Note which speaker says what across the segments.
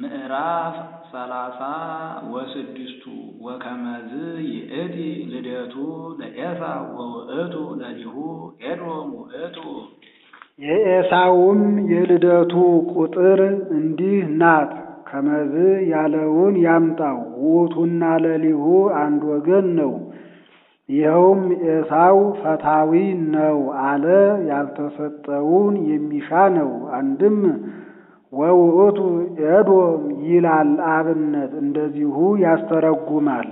Speaker 1: ምዕራፍ ሰላሳ ወስድስቱ ወከመዝ ይእቲ ልደቱ ለኤሳው ወውእቱ ለሊሁ ኤዶም ውእቱ።
Speaker 2: የኤሳውም የልደቱ ቁጥር እንዲህ ናት። ከመዝ ያለውን ያምጣው። ውእቱና ለሊሁ አንድ ወገን ነው። ይኸውም ኤሳው ፈታዊ ነው አለ። ያልተሰጠውን የሚሻ ነው። አንድም ወውእቱ ኤዶም ይላል አብነት እንደዚሁ ያስተረጉማል።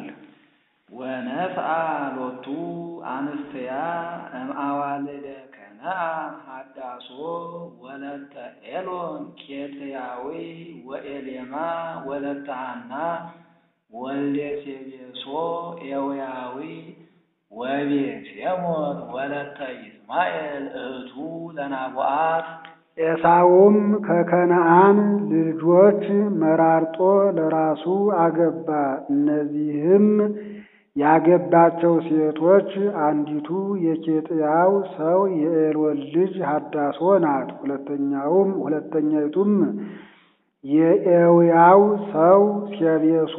Speaker 1: ወነፍአ ሎቱ አንስትያ እምአዋልደ ከነአ ሀዳሶ ወለተ ኤሎን ኬትያዊ ወኤሌማ ወለተ ሐና ወልደ ሴቤሶ ኤውያዊ ወቤሴሞን ወለተ ይስማኤል እህቱ ለናቡአት
Speaker 2: ኤሳውም ከከነዓን ልጆች መራርጦ ለራሱ አገባ። እነዚህም ያገባቸው ሴቶች አንዲቱ የኬጥያው ሰው የኤሎን ልጅ ሀዳሶ ናት። ሁለተኛውም ሁለተኛይቱም የኤውያው ሰው ሴቤሶ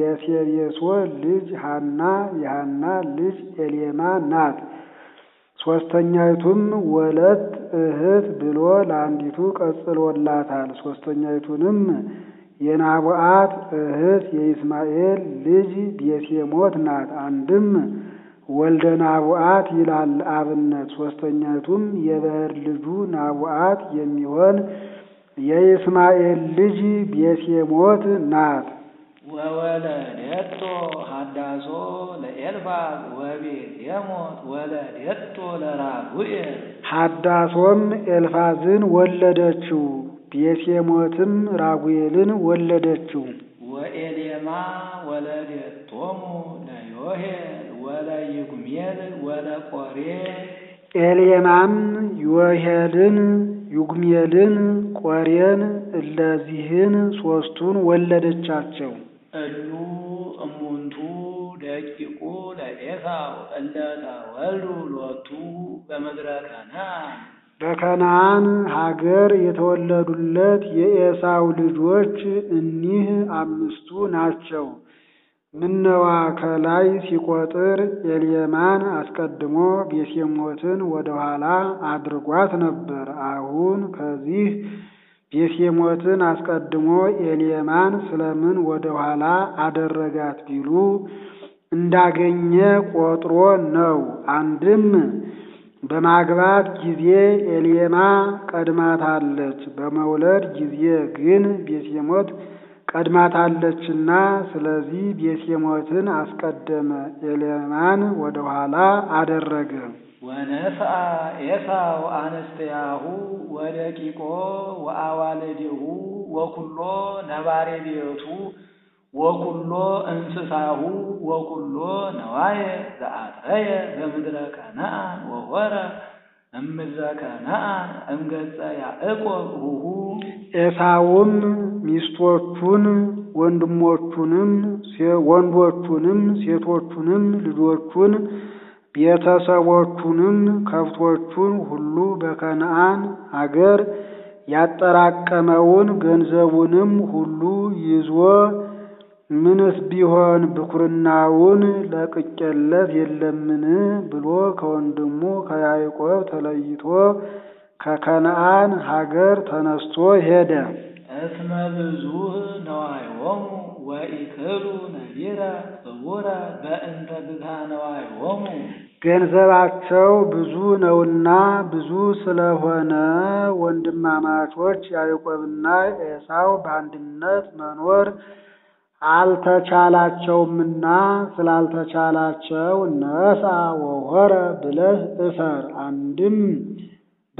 Speaker 2: የሴቤሶ ልጅ ሀና የሀና ልጅ ኤሌማ ናት። ሶስተኛይቱም ወለት እህት ብሎ ለአንዲቱ ቀጽሎላታል። ሶስተኛይቱንም የናቡአት እህት የኢስማኤል ልጅ ቤሴሞት ናት። አንድም ወልደ ናቡአት ይላል አብነት። ሶስተኛይቱም የበህር ልጁ ናቡአት የሚሆን የኢስማኤል ልጅ ቤሴሞት ናት።
Speaker 1: ወወለደቶ ሀዳሶ ለኤልፋዝ የሞት ወለደቶ ለራጉኤል።
Speaker 2: ሀዳሶም ኤልፋዝን ወለደችው፣ ቤሴሞትም ራጉኤልን ወለደችው።
Speaker 1: ወኤሌማ ወለደቶሙ ለዮሄል ወለይጉሜል ወለቆሬ።
Speaker 2: ኤሌማም ዮሄልን፣ ዩጉሜልን፣ ቆሬን እለዚህን ሶስቱን ወለደቻቸው።
Speaker 1: እሉ እሙንቱ ደቂቁ ለኤሳው እለታ ወልዱ ሎቱ በምድረ
Speaker 2: ከነዓን ሀገር የተወለዱለት የኤሳው ልጆች እኒህ አምስቱ ናቸው። ምነዋ ከላይ ሲቆጥር ኤልየማን አስቀድሞ ቤሴሞትን ወደኋላ አድርጓት ነበር። አሁን ከዚህ የሴሞትን አስቀድሞ ኤሌማን ስለምን ወደ ኋላ አደረጋት ቢሉ እንዳገኘ ቆጥሮ ነው። አንድም በማግባት ጊዜ ኤሌማ ቀድማታለች፣ በመውለድ ጊዜ ግን ቤሴሞት ቀድማታለችና፣ ስለዚህ ቤሴሞትን አስቀደመ፣ ኤሌማን ወደ ኋላ አደረገ።
Speaker 1: ወነፍአ ኤሳው አነስተያሁ ወደቂቆ ወአዋለዴሁ ወኩሎ ነባሬ ቤቱ ወኩሎ እንስሳሁ ወኩሎ ነዋየ ዘአጥረየ በምድረ ከነአን ወወረ እምድረ ከነአን እምገጸ ያዕቆብ ሁሁ።
Speaker 2: ኤሳውም ሚስቶቹን ወንድሞቹንም ወንዶቹንም ሴቶቹንም ልጆቹን ቤተሰቦቹንም ከብቶቹን ሁሉ በከነአን አገር ያጠራቀመውን ገንዘቡንም ሁሉ ይዞ ምንስ ቢሆን ብኩርናውን ለቅቄለት የለምን ብሎ ከወንድሙ ከያዕቆብ ተለይቶ ከከነአን ሀገር ተነስቶ ሄደ።
Speaker 1: እስመ ብዙህ ነዋይሆሙ ወኢክሉ ነቢረ ዕውረ በእንተ ብዝኀ ነዋይሆሙ
Speaker 2: ገንዘባቸው ብዙ ነውና ብዙ ስለሆነ ወንድማማቾች ያዕቆብና ኤሳው በአንድነት መኖር አልተቻላቸውምና ስላልተቻላቸው ነስአ ወሖረ ብለህ እሰር አንድም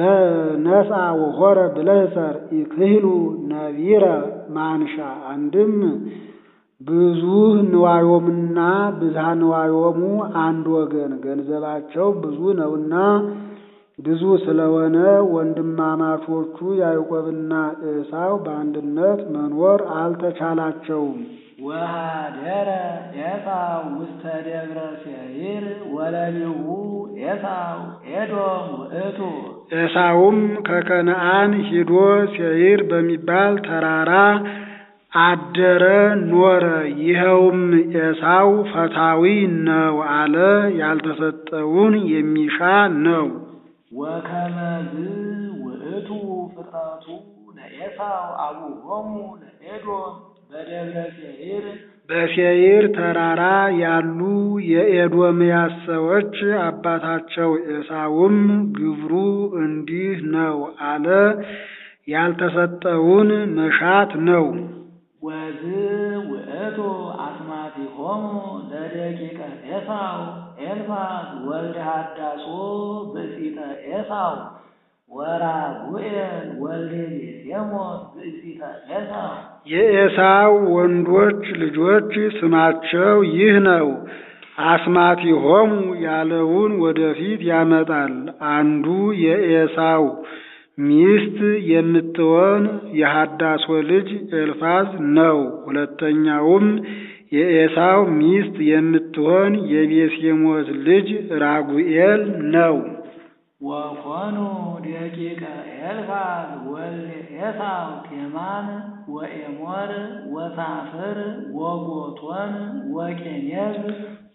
Speaker 2: በነስአ ወሖረ ብለህ እሰር ኢክህሉ ነቢረ ማንሻ አንድም ብዙ ንዋዮምና ብዝሃ ንዋዮሙ አንድ ወገን ገንዘባቸው ብዙ ነውና ብዙ ስለሆነ ወንድማማቾቹ ያዕቆብና ኤሳው በአንድነት መኖር አልተቻላቸውም።
Speaker 1: ወሃደረ ኤሳው ውስተ ደብረ ሴይር ወለሚሁ ኤሳው ኤዶም ውእቱ።
Speaker 2: ኤሳውም ከከነአን ሂዶ ሴይር በሚባል ተራራ አደረ ኖረ ይኸውም ኤሳው ፈታዊ ነው አለ ያልተሰጠውን የሚሻ ነው።
Speaker 1: ወከመዝ ውእቱ ፍጥረቱ ለኤሳው አቡሆሙ ለኤዶም በደብረ ሴይር
Speaker 2: በሴይር ተራራ ያሉ የኤዶምያስ ሰዎች አባታቸው ኤሳውም ግብሩ እንዲህ ነው አለ ያልተሰጠውን መሻት ነው።
Speaker 1: ወዝብ ውእቱ አስማቲሆሙ ለደቂቀ ኤሳው ኤልፋዝ ወልደ ሃዳሶ ብእሲተ ኤሳው ወራጉኤል ወልደ ቤሴሞት ብእሲተ ኤሳው።
Speaker 2: የኤሳው ወንዶች ልጆች ስማቸው ይህ ነው። አስማቲሆሙ ያለውን ወደፊት ያመጣል። አንዱ የኤሳው ሚስት የምትሆን የሃዳሶ ልጅ ኤልፋዝ ነው። ሁለተኛውም የኤሳው ሚስት የምትሆን የቤሴሞት ልጅ ራጉኤል ነው።
Speaker 1: ወኮኑ ደቂቀ ኤልፋዝ ወልደ ኤሳው ቴማን ወኤሞር ወሳፍር ወጎቶን ወቄኔዝ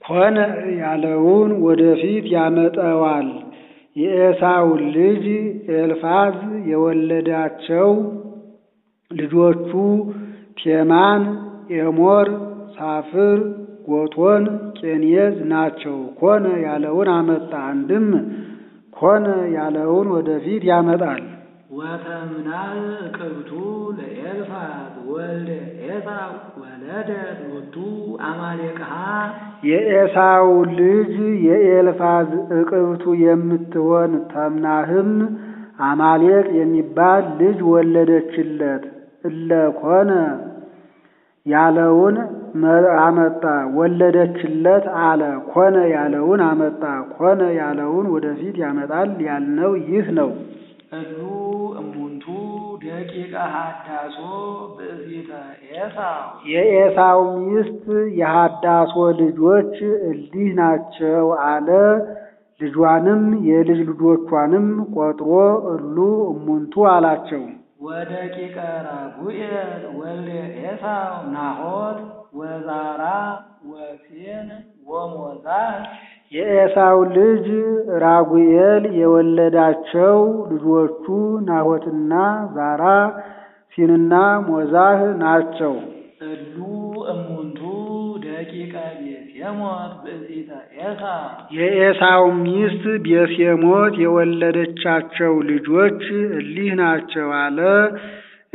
Speaker 2: ኮነ ያለውን ወደፊት ያመጠዋል። የኤሳው ልጅ ኤልፋዝ የወለዳቸው ልጆቹ ቴማን፣ ኤሞር፣ ሳፍር፣ ጎቶን፣ ቄኔዝ ናቸው። ኮነ ያለውን አመጣ። አንድም ኮነ ያለውን ወደፊት ያመጣል።
Speaker 1: ወተምናዕ ቅብቱ ለኤልፋዝ ወልደ ኤሳው ወለደ ሎቱ አማሌቅሃ
Speaker 2: የኤሳው ልጅ የኤልፋዝ እቅብቱ የምትሆን ተምናህም አማሌቅ የሚባል ልጅ ወለደችለት። እለኮነ ያለውን አመጣ ወለደችለት አለ። ኮነ ያለውን አመጣ። ኮነ ያለውን ወደፊት ያመጣል ያልነው ይህ ነው።
Speaker 1: እሉ ደቂቀ ሀዳሶ ብእሲተ ኤሳው
Speaker 2: የኤሳው ሚስት የሀዳሶ ልጆች እንዲህ ናቸው አለ። ልጇንም የልጅ ልጆቿንም ቆጥሮ እሉ እሙንቱ አላቸው።
Speaker 1: ወደቂቀ ራጉኤል ወልደ ኤሳው ናሆት ወዛራ ወሴን ወሞዛህ
Speaker 2: የኤሳው ልጅ ራጉኤል የወለዳቸው ልጆቹ ናሆትና ዛራ፣ ሲንና ሞዛህ ናቸው።
Speaker 1: እሉ እሙንቱ ደቂቀ ቤሴሞት ብእሲተ ኤሳ።
Speaker 2: የኤሳው ሚስት ቤሴሞት የወለደቻቸው ልጆች እሊህ ናቸው አለ።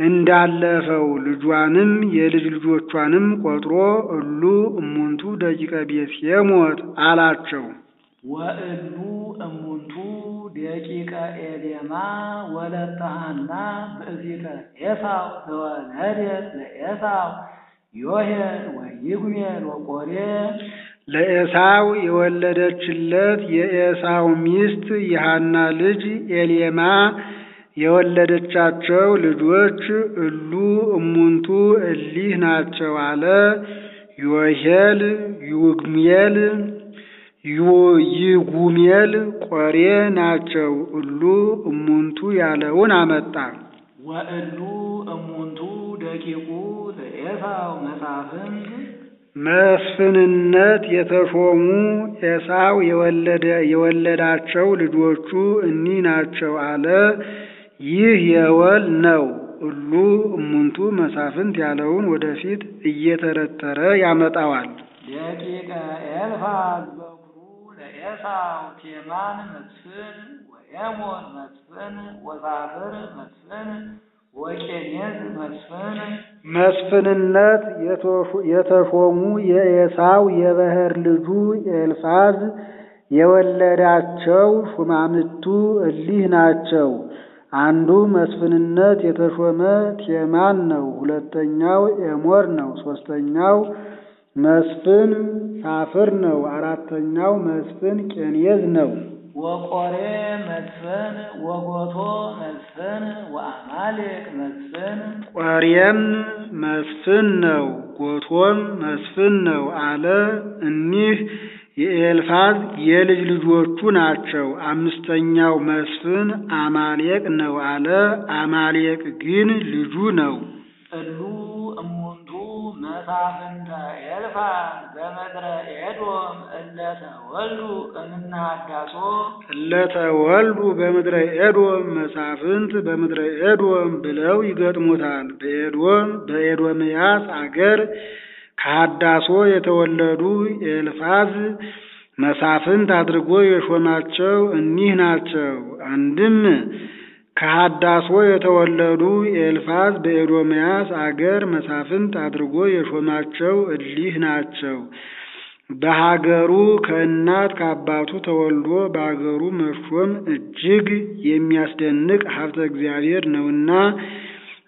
Speaker 2: እንዳለፈው ልጇንም የልጅ ልጆቿንም ቆጥሮ እሉ እሙንቱ ደቂቀ ቤት የሞት አላቸው።
Speaker 1: ወእሉ እሙንቱ ደቂቀ ኤሌማ ወለጠሃና ብእሲተ ኤሳው ዘወለደት ለኤሳው ዮሄን ወይጉሜን ወቆሬ
Speaker 2: ለኤሳው የወለደችለት የኤሳው ሚስት የሃና ልጅ ኤሌማ የወለደቻቸው ልጆች እሉ እሙንቱ እሊህ ናቸው አለ። ዮሄል፣ ይጉሜል፣ ይጉሜል ቆሬ ናቸው። እሉ እሙንቱ ያለውን አመጣ።
Speaker 1: ወእሉ እሙንቱ ደቂቁ ዘኤሳው መሳፍንት
Speaker 2: መስፍንነት የተሾሙ ኤሳው የወለዳቸው ልጆቹ እኒህ ናቸው አለ። ይህ የወል ነው እሉ እሙንቱ መሳፍንት ያለውን ወደፊት እየተረተረ ያመጣዋል።
Speaker 1: ኤልፋዝ በኩሩ ለኤሳው ቴማን መስፍን ወኤሞን መስፍን መስፍን ወቄኔዝ መስፍን
Speaker 2: መስፍንነት የተሾሙ የኤሳው የበህር ልጁ ኤልፋዝ የወለዳቸው ሹማምቱ እሊህ ናቸው። አንዱ መስፍንነት የተሾመ ቴማን ነው። ሁለተኛው ኤሞር ነው። ሶስተኛው መስፍን ሳፍር ነው። አራተኛው መስፍን ቄኔዝ ነው።
Speaker 1: ወቆሬ መስፍን ወጎቶ መስፍን ወአማሌቅ መስፍን
Speaker 2: ቆሬም መስፍን ነው። ጎቶም መስፍን ነው አለ እኒህ የኤልፋዝ የልጅ ልጆቹ ናቸው። አምስተኛው መስፍን አማሌቅ ነው አለ። አማሌቅ ግን ልጁ ነው።
Speaker 1: እሉ እሙንቱ መሳፍንተ ኤልፋዝ በመድረ ኤዶም እለተወልዱ እምናዳሶ
Speaker 2: እለተወልዱ በምድረ ኤዶም መሳፍንት በምድረ ኤዶም ብለው ይገጥሙታል። በኤዶም በኤዶምያስ አገር ከሀዳሶ የተወለዱ ኤልፋዝ መሳፍንት አድርጎ የሾማቸው እኒህ ናቸው። አንድም ከሀዳሶ የተወለዱ ኤልፋዝ በኤዶምያስ አገር መሳፍንት አድርጎ የሾማቸው እሊህ ናቸው። በሀገሩ ከእናት ከአባቱ ተወልዶ በሀገሩ መሾም እጅግ የሚያስደንቅ ሀብተ እግዚአብሔር ነውና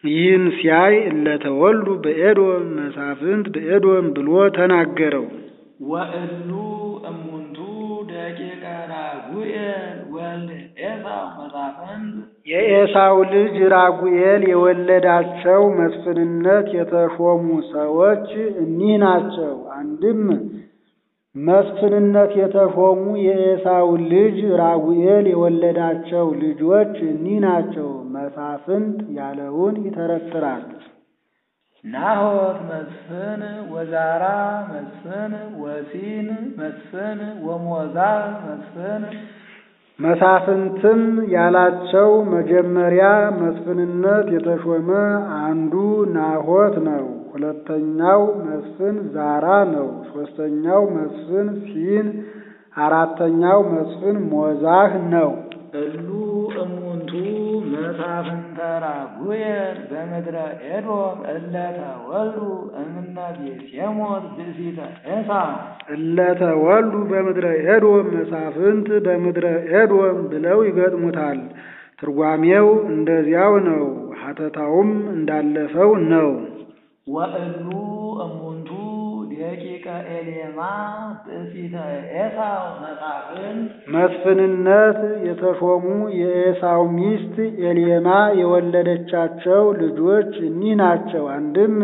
Speaker 2: ይህን ሲያይ እለተወልዱ በኤዶም መሳፍንት በኤዶም ብሎ ተናገረው።
Speaker 1: ወእሉ እሙንቱ ደቂቀ ራጉኤል ወልደ ኤሳው መሳፍንት
Speaker 2: የኤሳው ልጅ ራጉኤል የወለዳቸው መስፍንነት የተሾሙ ሰዎች እኒህ ናቸው። አንድም መስፍንነት የተሾሙ የኤሳው ልጅ ራጉኤል የወለዳቸው ልጆች እኒህ ናቸው። መሳፍንት ያለውን ይተረትራል።
Speaker 1: ናሆት መስፍን ወዛራ መስፍን ወሲን መስፍን ወሞዛ መስፍን
Speaker 2: መሳፍንትም ያላቸው መጀመሪያ መስፍንነት የተሾመ አንዱ ናሆት ነው። ሁለተኛው መስፍን ዛራ ነው። ሶስተኛው መስፍን ሲን፣ አራተኛው መስፍን ሞዛህ ነው።
Speaker 1: እሉ እሙንቱ ወጻፍንተ ራጉኤል በምድረ ኤዶም እለተ ወሉ እምእመቤጽዮን ብእሲተ ኤሳው
Speaker 2: እለተ ወሉ በምድረ ኤዶም መሳፍንት በምድረ ኤዶም ብለው ይገጥሙታል። ትርጓሜው እንደዚያው ነው። ሀተታውም እንዳለፈው ነው።
Speaker 1: ወእሉ ደቂቀ ኤሌማ ኤሳው
Speaker 2: መስፍንነት የተሾሙ የኤሳው ሚስት ኤሌማ የወለደቻቸው ልጆች እኒህ ናቸው። አንድም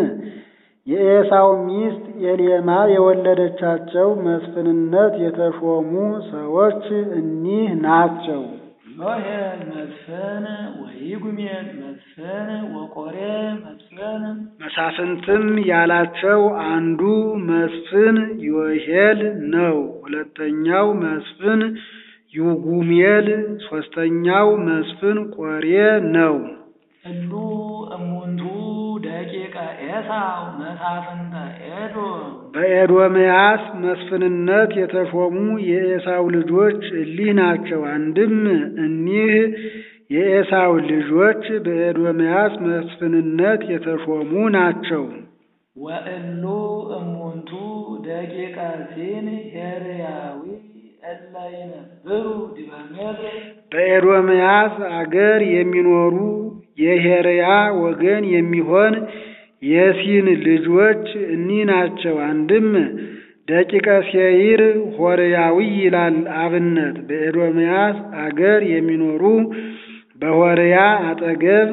Speaker 2: የኤሳው ሚስት ኤሌማ የወለደቻቸው መስፍንነት የተሾሙ ሰዎች እኒህ ናቸው።
Speaker 1: ኖሄ መድፈነ ወይጉሜን መድፈነ ወቆሬ መድፈነ
Speaker 2: መሳፍንትም ያላቸው አንዱ መስፍን ዮሄል ነው። ሁለተኛው መስፍን ዩጉሜል፣ ሶስተኛው መስፍን ቆሬ ነው።
Speaker 1: እሉ እሙንቱ ደቂቀ ኤሳው መሳፍንተ ኤዶም
Speaker 2: በኤዶምያስ መስፍንነት የተሾሙ የኤሳው ልጆች እሊህ ናቸው። አንድም እኒህ የኤሳው ልጆች በኤዶምያስ መስፍንነት የተሾሙ ናቸው።
Speaker 1: ወእሉ እሙንቱ ደቂቀ ሲን ሄርያዊ
Speaker 2: በኤዶምያስ አገር የሚኖሩ የሄርያ ወገን የሚሆን የሲን ልጆች እኒህ ናቸው። አንድም ደቂቀ ሴይር ሆርያዊ ይላል አብነት። በኤዶምያስ አገር የሚኖሩ በሆርያ አጠገብ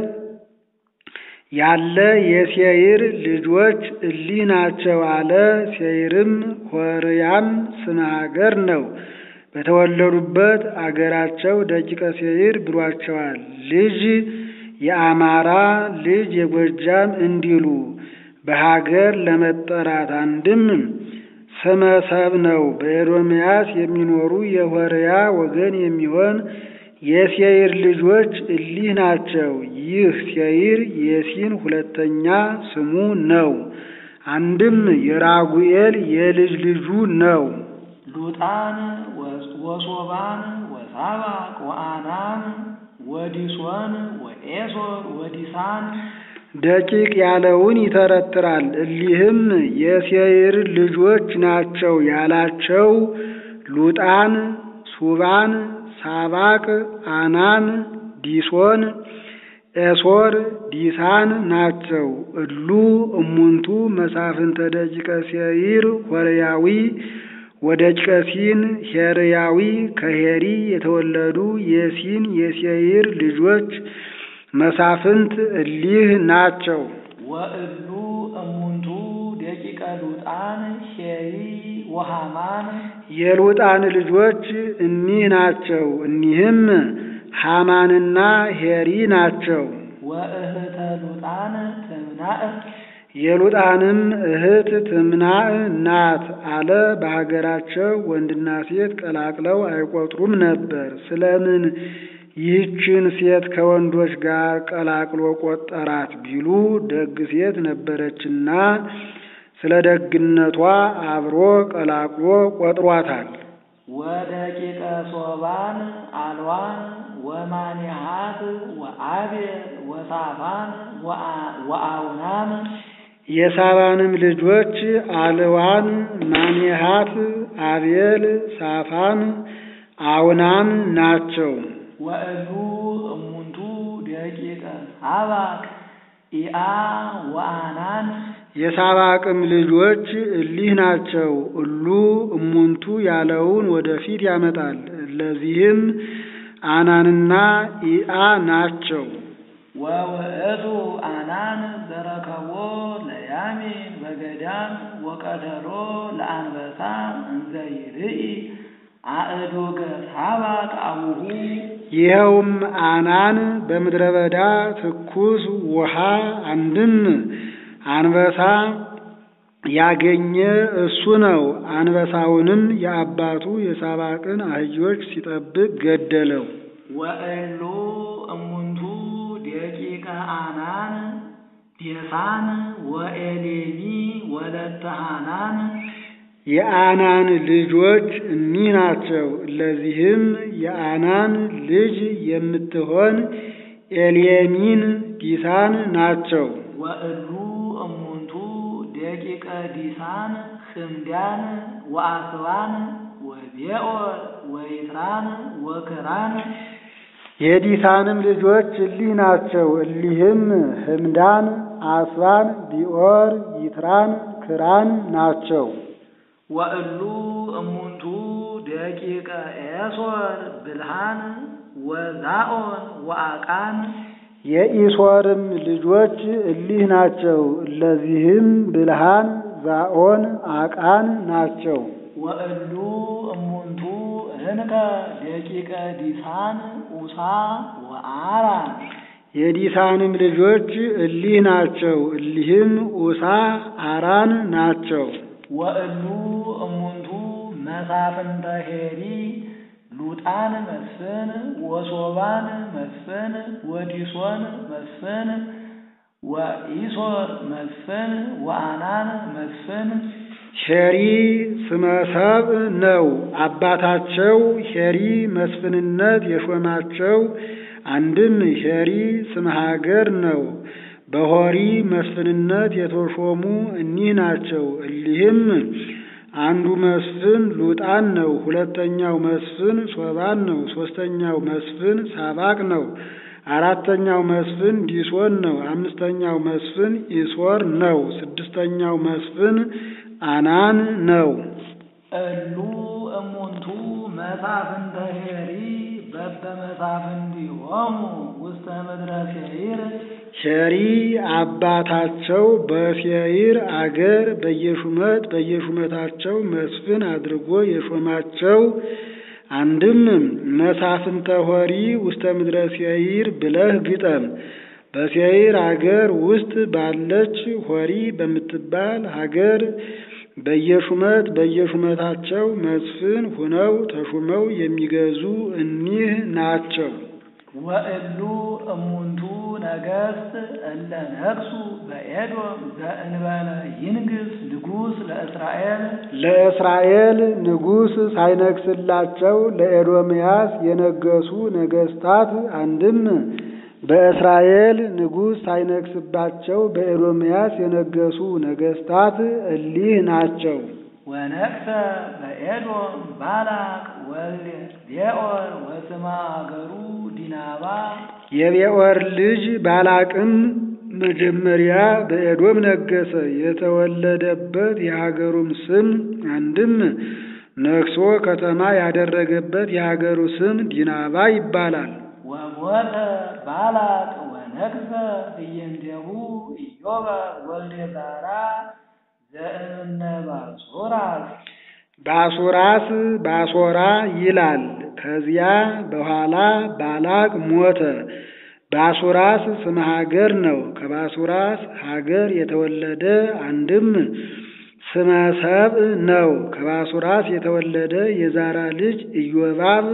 Speaker 2: ያለ የሴይር ልጆች እሊ ናቸው አለ። ሴይርም ሆርያም ስም ነው። በተወለዱበት አገራቸው ደቂቀ ሴይር ብሏቸዋል። ልጅ የአማራ ልጅ የጎጃም እንዲሉ በሀገር ለመጠራት አንድም ስመሰብ ነው። በኤዶምያስ የሚኖሩ የሆርያ ወገን የሚሆን የሴይር ልጆች እሊህ ናቸው። ይህ ሴይር የሲን ሁለተኛ ስሙ ነው። አንድም የራጉኤል የልጅ ልጁ ነው።
Speaker 1: ሉጣን ወሶባን ወሳባቅ ወአናን ወዲሶን ወኤሶር ወዲሳን
Speaker 2: ደቂቅ ያለውን ይተረትራል። እሊህም የሴይር ልጆች ናቸው ያላቸው ሉጣን፣ ሱባን፣ ሳባቅ፣ አናን ዲሶን፣ ኤሶር፣ ዲሳን ናቸው። እሉ እሙንቱ መሳፍንተ ደቂቀ ሴይር ሆርያዊ ወደ ጨሲን ሄርያዊ ከሄሪ የተወለዱ የሲን የሴይር ልጆች መሳፍንት እሊህ ናቸው።
Speaker 1: ወእሉ እሙንቱ ደቂቀ ሉጣን ሄሪ ወሃማን
Speaker 2: የሉጣን ልጆች እኒህ ናቸው። እኒህም ሃማንና ሄሪ ናቸው።
Speaker 1: ወእህተ ሉጣን ትምናእ
Speaker 2: የሉጣንም እህት ትምናዕ ናት አለ። በሀገራቸው ወንድና ሴት ቀላቅለው አይቆጥሩም ነበር። ስለምን ይህችን ሴት ከወንዶች ጋር ቀላቅሎ ቆጠራት ቢሉ ደግ ሴት ነበረችና ስለ ደግነቷ አብሮ ቀላቅሎ ቆጥሯታል።
Speaker 1: ወደቂቀ ሶባን አልዋን ወማኒሃት ወአቤ ወሳፋን ወአውናም
Speaker 2: የሳባንም ልጆች አልዋን፣ ማኒሃት አቤል፣ ሳፋን፣ አውናን ናቸው።
Speaker 1: ወእሉ እሙንቱ ደቂቀ ሀባቅ ኢአ ወአናን
Speaker 2: የሳባቅም ልጆች እሊህ ናቸው። እሉ እሙንቱ ያለውን ወደፊት ያመጣል። እለዚህም አናንና ኢአ ናቸው።
Speaker 1: ወውእቱ አናን ዘረከቦ ለያሚን በገዳም ወቀተሮ ለአንበሳ እንዘ ይርኢ አእዱ ገሳባ ጣሙሁ።
Speaker 2: ይኸውም አናን በምድረ በዳ ትኩስ ውሃ አንድም አንበሳ ያገኘ እሱ ነው። አንበሳውንም የአባቱ የሳባቅን አህዮች ሲጠብቅ ገደለው።
Speaker 1: ወእሉ ከአናን ዴሳን ወኤሌሚ ወለተ ሃናን
Speaker 2: የአናን ልጆች እኒህ ናቸው። ለዚህም የአናን ልጅ የምትሆን ኤልየሚን ዲሳን ናቸው።
Speaker 1: ወእሉ እሙንቱ ደቂቀ ዲሳን ህምዳን ወአስባን ወቤኦር ወይትራን ወክራን
Speaker 2: የዲሳንም ልጆች እሊህ ናቸው። እሊህም ህምዳን፣ አስባን፣ ቢኦር ይትራን፣ ክራን ናቸው።
Speaker 1: ወእሉ እሙንቱ ደቂቀ ኤሶር ብልሃን ወዛኦን ወአቃን
Speaker 2: የኢሶርም ልጆች እሊህ ናቸው። እለዚህም ብልሃን፣ ዛኦን፣ አቃን ናቸው።
Speaker 1: ወእሉ እንከ ደቂቀ ዲሳን ኡሳ ወአራ
Speaker 2: የዲሳንም ልጆች እሊህ ናቸው። እሊህም ኡሳ አራን ናቸው።
Speaker 1: ወእሉ እሙንቱ መሳፍንተ ሄሪ ሉጣን መስፍን ወሶባን መስፍን ወዲሶን መስፍን ወኢሶር መስፍን ወአናን መስፍን
Speaker 2: ሄሪ ስመሰብ ነው። አባታቸው ሄሪ መስፍንነት የሾማቸው አንድም ሄሪ ስመ ሀገር ነው። በሆሪ መስፍንነት የተሾሙ እኒህ ናቸው። እሊህም አንዱ መስፍን ሉጣን ነው። ሁለተኛው መስፍን ሶባን ነው። ሶስተኛው መስፍን ሳባቅ ነው። አራተኛው መስፍን ዲሶን ነው። አምስተኛው መስፍን ኢሶር ነው። ስድስተኛው መስፍን አናን ነው።
Speaker 1: እሉ እሙንቱ መሳፍንተ ኄሪ በበ መሳፍንቲሆሙ ውስተ ምድረ ሴይር
Speaker 2: ኄሪ አባታቸው በሴይር አገር በየሹመት በየሹመታቸው መስፍን አድርጎ የሾማቸው አንድም መሳፍንተ ኄሪ ውስተ ምድረ ሴይር ብለህ ግጠም። በሴይር አገር ውስጥ ባለች ሆሪ በምትባል ሀገር። በየሹመት በየሹመታቸው መስፍን ሆነው ተሹመው የሚገዙ እኒህ ናቸው።
Speaker 1: ወእሉ እሙንቱ ነገስት እለ ነግሡ በኤዶም ዘእንበለ ይንግስ ንጉስ ለእስራኤል
Speaker 2: ለእስራኤል ንጉስ ሳይነግስላቸው ለኤዶምያስ የነገሱ ነገስታት አንድም በእስራኤል ንጉሥ ሳይነግስባቸው በኤዶምያስ የነገሱ ነገሥታት እሊህ ናቸው።
Speaker 1: ወነግሰ በኤዶም ባላቅ ወልደ ቤኦር ወስማ አገሩ ዲናባ።
Speaker 2: የቤኦር ልጅ ባላቅም መጀመሪያ በኤዶም ነገሰ። የተወለደበት የሀገሩም ስም አንድም ነግሶ ከተማ ያደረገበት የሀገሩ ስም ዲናባ ይባላል።
Speaker 1: ሞተ ባላቅ ወነግሠ እየንደቡ ኢዮበ ወልደ ዛራ ዘእምነ ባሶራስ
Speaker 2: ባሶራስ ባሶራ ይላል። ከዚያ በኋላ ባላቅ ሞተ። ባሶራስ ስም ሀገር ነው። ከባሶራስ ሀገር የተወለደ አንድም ስመ ሰብእ ነው። ከባሶራስ የተወለደ የዛራ ልጅ ኢዮባብ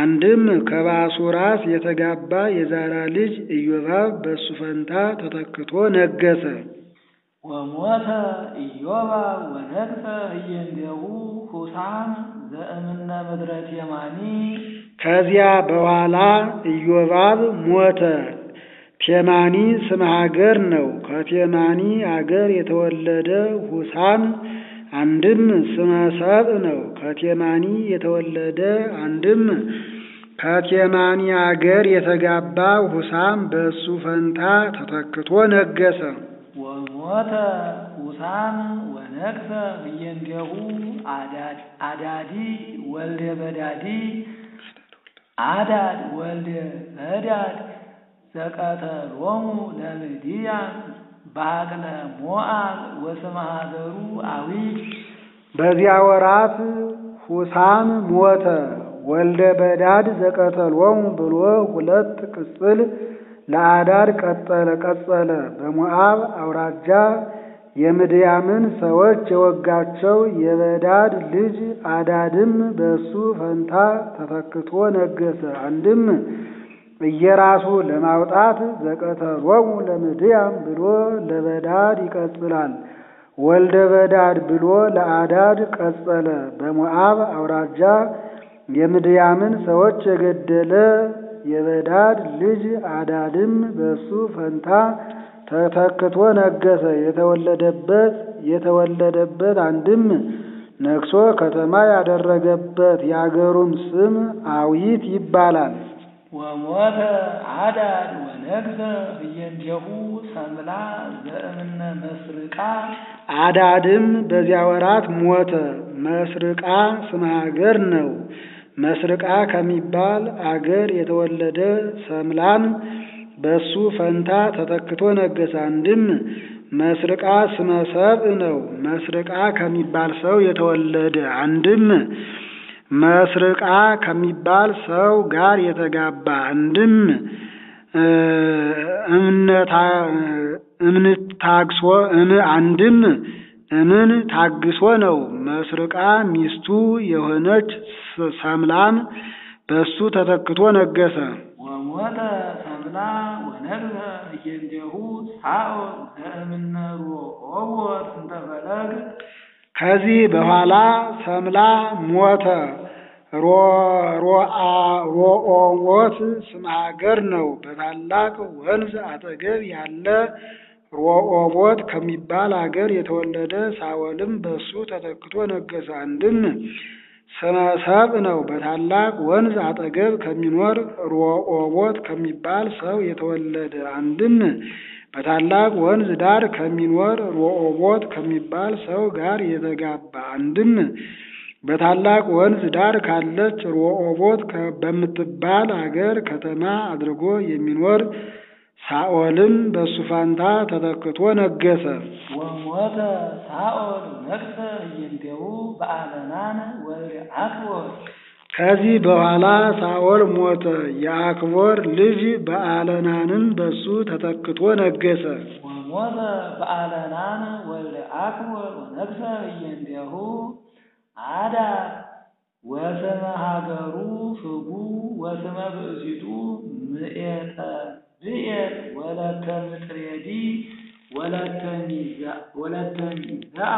Speaker 2: አንድም ከባሱ ራስ የተጋባ የዛራ ልጅ ኢዮባብ በእሱ ፈንታ ተተክቶ ነገሰ
Speaker 1: ወሞተ ኢዮባብ ወነግሠ ህየንገቡ ሁሳም ዘእምነ ምድረት የማኒ።
Speaker 2: ከዚያ በኋላ ኢዮባብ ሞተ። ቴማኒ ስም ሀገር ነው። ከቴማኒ አገር የተወለደ ሁሳም አንድም ስመሰብእ ነው ከቴማኒ የተወለደ አንድም ከቴማኒ አገር የተጋባ ሁሳም በእሱ ፈንታ ተተክቶ ነገሰ።
Speaker 1: ወሞተ ሁሳም ወነግሰ ብየንደሁ አዳዲ ወልደ በዳዲ አዳድ ወልደ በዳድ ዘቀተሎሙ ለምድያን በአቅለ ሞአብ ወስማዘሩ አዊ
Speaker 2: በዚያ ወራት ሁሳም ሞተ ወልደ በዳድ ዘቀተሎሙ ብሎ ሁለት ቅጽል ለአዳድ ቀጠለ ቀጸለ በሞአብ አውራጃ የምድያምን ሰዎች የወጋቸው የበዳድ ልጅ አዳድም በእሱ ፈንታ ተተክቶ ነገሰ። አንድም እየራሱ ለማውጣት ዘቀተሮሙ ለምድያም ብሎ ለበዳድ ይቀጽላል። ወልደ በዳድ ብሎ ለአዳድ ቀጸለ። በሞአብ አውራጃ የምድያምን ሰዎች የገደለ የበዳድ ልጅ አዳድም በሱ ፈንታ ተተክቶ ነገሰ። የተወለደበት የተወለደበት አንድም ነግሶ ከተማ ያደረገበት የአገሩም ስም አውይት ይባላል።
Speaker 1: ወሞተ አዳድ ወነግሰ እየንጀሁ ሰምላ ዘእምነ መስርቃ
Speaker 2: አዳድም በዚያ ወራት ሞተ። መስርቃ ስመ ሀገር ነው። መስርቃ ከሚባል አገር የተወለደ ሰምላም በሱ ፈንታ ተተክቶ ነገሰ። አንድም መስርቃ ስመ ሰብእ ነው። መስርቃ ከሚባል ሰው የተወለደ አንድም መስርቃ ከሚባል ሰው ጋር የተጋባ እንድም እምን ታግሶ አንድም እምን ታግሶ ነው። መስርቃ ሚስቱ የሆነች ሰምላም በሱ ተተክቶ ነገሰ።
Speaker 1: ወሞተ ሰምላ ወነግሰ እየንዴሁ ሳኦ ዘእምነ ሮኦቦ ስንተፈለግ
Speaker 2: ከዚህ በኋላ ሰምላ ሞተ። ሮኦሞት ስም ነው። በታላቅ ወንዝ አጠገብ ያለ ሮኦሞት ከሚባል ሀገር የተወለደ ሳወልም በሱ ተተክቶ ነገሰ አንድም ስመሰብ ነው። በታላቅ ወንዝ አጠገብ ከሚኖር ሮኦሞት ከሚባል ሰው የተወለደ። አንድም በታላቅ ወንዝ ዳር ከሚኖር ሮኦሞት ከሚባል ሰው ጋር የተጋባ። አንድም በታላቅ ወንዝ ዳር ካለች ሮኦቦት በምትባል አገር ከተማ አድርጎ የሚኖር ሳኦልም በእሱ ፋንታ ተተክቶ ነገሰ።
Speaker 1: ወሞተ ሳኦል ነግሰ እየንቴው በአለናን አክቦር።
Speaker 2: ከዚህ በኋላ ሳኦል ሞተ፣ የአክቦር ልጅ በአለናንም በሱ ተተክቶ ነገሰ።
Speaker 1: ወሞተ በአለናን አክቦር ወነግሰ እየንቴው አዳ ወስመ ሀገሩ ፍጉ ወስመ ብእሲቱ ምኤጠ ብኤት ወለተ ምጥሬዲ ወለተሚዛአ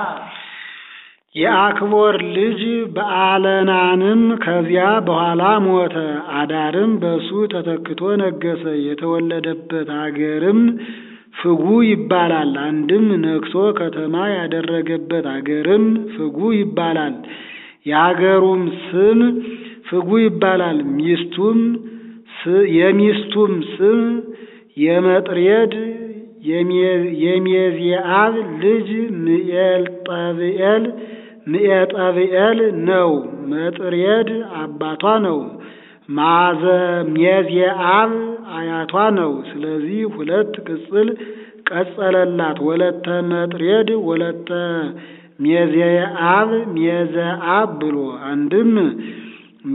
Speaker 2: የአክቦር ልጅ በአለናንም ከዚያ በኋላ ሞተ። አዳርም በሱ ተተክቶ ነገሰ። የተወለደበት አገርም ፍጉ ይባላል። አንድም ነክሶ ከተማ ያደረገበት አገርም ፍጉ ይባላል። የአገሩም ስም ፍጉ ይባላል። ሚስቱም የሚስቱም ስም የመጥሬድ የሜዚአብ ልጅ ምኤልጠብኤል ምኤጠብኤል ነው። መጥሬድ አባቷ ነው። ማዘ ሜዚአብ አያቷ ነው። ስለዚህ ሁለት ቅጽል ቀጸለላት። ወለተ መጥሬድ፣ ወለተ ሚዜአብ፣ ሜዘአብ ብሎ አንድም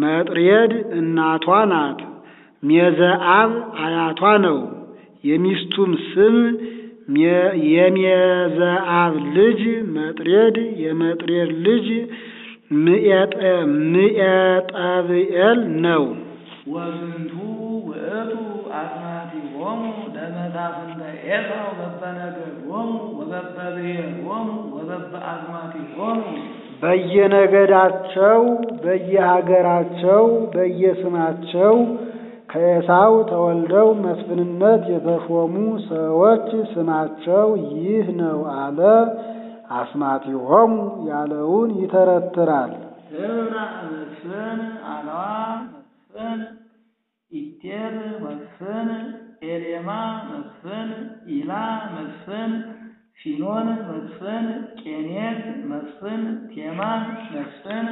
Speaker 2: መጥሬድ እናቷ ናት። ሜዘአብ አያቷ ነው። የሚስቱም ስም የሚዜአብ ልጅ መጥሬድ፣ የመጥሬድ ልጅ ምኤጠብኤል ነው።
Speaker 1: ወዝንቱ ወሙ ለመሳፍንተ ኤሳው በበነገ ወሙ ወበበ ወሙ ወበበ አዝማቲ ወሙ
Speaker 2: በየነገዳቸው በየሀገራቸው በየስማቸው ከኤሳው ተወልደው መስፍንነት የተሾሙ ሰዎች ስማቸው ይህ ነው አለ። አስማቲሆሙ ያለውን ይተረትራል።
Speaker 1: ህብራ መስፍን አለዋ መስፍን ኢቴር መስፍን ኤሌማ መስፍን፣ ኢላ መስፍን፣ ፊኖን መስፍን፣ ቄኔዝ መስፍን፣ ቴማን መስፍን፣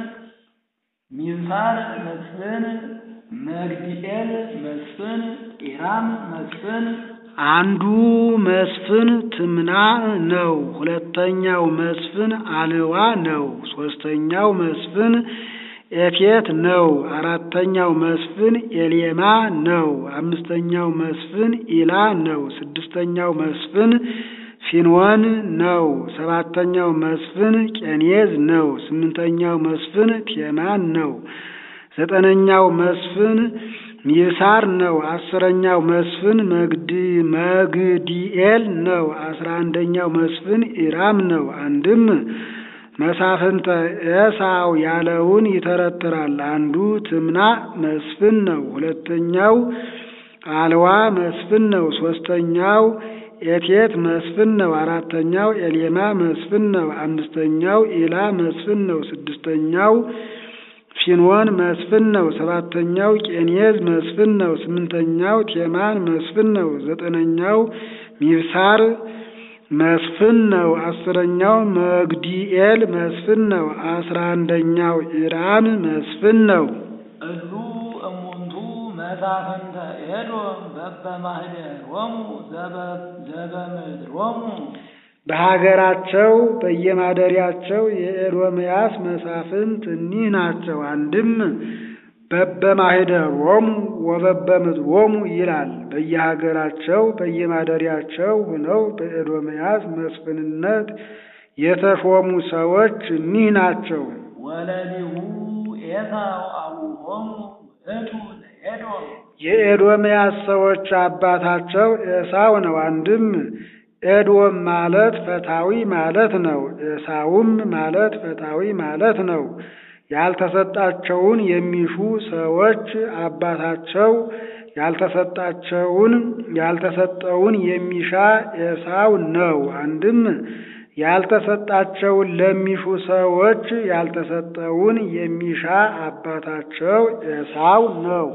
Speaker 1: ሚዛር መስፍን፣ መግዲኤል መስፍን፣ ኢራም መስፍን
Speaker 2: አንዱ መስፍን ትምና ነው። ሁለተኛው መስፍን አልዋ ነው። ሶስተኛው መስፍን ኤፌት ነው። አራተኛው መስፍን ኤሌማ ነው። አምስተኛው መስፍን ኢላ ነው። ስድስተኛው መስፍን ፊንዋን ነው። ሰባተኛው መስፍን ቄኔዝ ነው። ስምንተኛው መስፍን ቴማን ነው። ዘጠነኛው መስፍን ሚሳር ነው። አስረኛው መስፍን መግድ መግዲኤል ነው። አስራ አንደኛው መስፍን ኢራም ነው። አንድም መሳፍንተ ኤሳው ያለውን ይተረትራል። አንዱ ትምና መስፍን ነው። ሁለተኛው አልዋ መስፍን ነው። ሶስተኛው ኤቴት መስፍን ነው። አራተኛው ኤሌማ መስፍን ነው። አምስተኛው ኢላ መስፍን ነው። ስድስተኛው ፊንዎን መስፍን ነው። ሰባተኛው ቄኔዝ መስፍን ነው። ስምንተኛው ቴማን መስፍን ነው። ዘጠነኛው ሚብሳር መስፍን ነው። አስረኛው መግዲኤል መስፍን ነው። አስራ አንደኛው ኢራም መስፍን ነው።
Speaker 1: እሉ እሙንቱ መሳፍንተ ኤዶም በበማህደሮሙ ዘበምድሮሙ
Speaker 2: በሀገራቸው በየማደሪያቸው የኤዶምያስ መሳፍንት እኒህ ናቸው። አንድም ሮሙ ወበበምድ ሮሙ ይላል። በየሀገራቸው በየማደሪያቸው ሆነው በኤዶምያስ መስፍንነት የተሾሙ ሰዎች እኒህ ናቸው።
Speaker 1: ወለሊሁ ኤሳው እቱ
Speaker 2: የኤዶምያስ ሰዎች አባታቸው ኤሳው ነው። አንድም ኤዶም ማለት ፈታዊ ማለት ነው። ኤሳውም ማለት ፈታዊ ማለት ነው። ያልተሰጣቸውን የሚሹ ሰዎች አባታቸው ያልተሰጣቸውን ያልተሰጠውን የሚሻ ኤሳው ነው። አንድም ያልተሰጣቸውን ለሚሹ ሰዎች ያልተሰጠውን የሚሻ አባታቸው ኤሳው ነው።